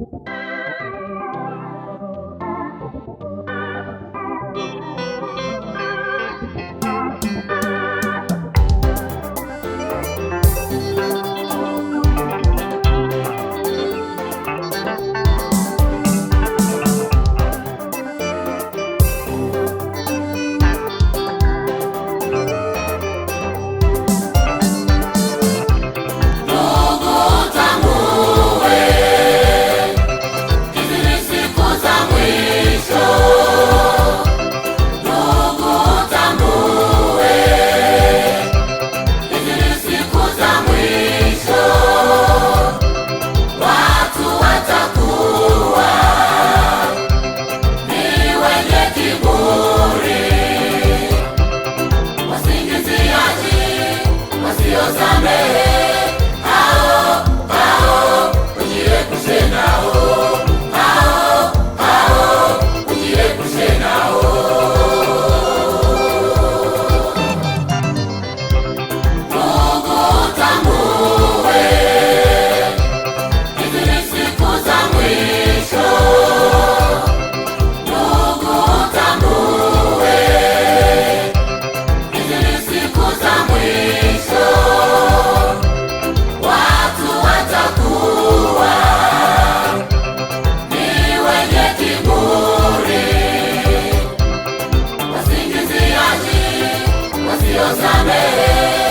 you usamehe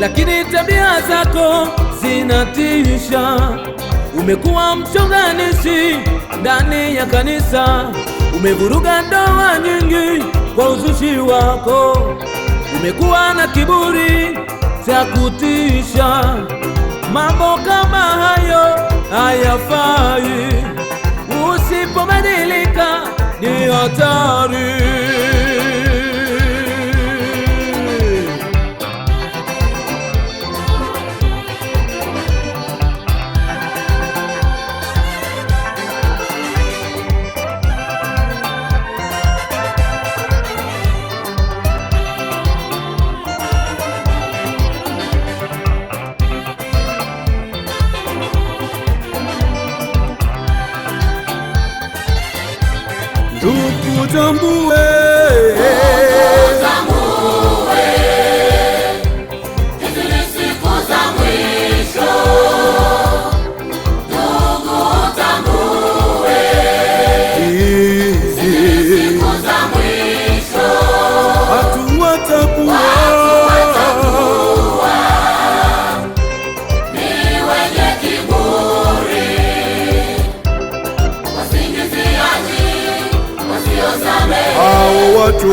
lakini tabia zako zinatisha. Umekuwa mchonganishi ndani ya kanisa, umevuruga ndoa nyingi kwa uzushi wako. Umekuwa na kiburi cha kutisha. Mambo kama hayo hayafai, usipobadilika ni hatari. away. tu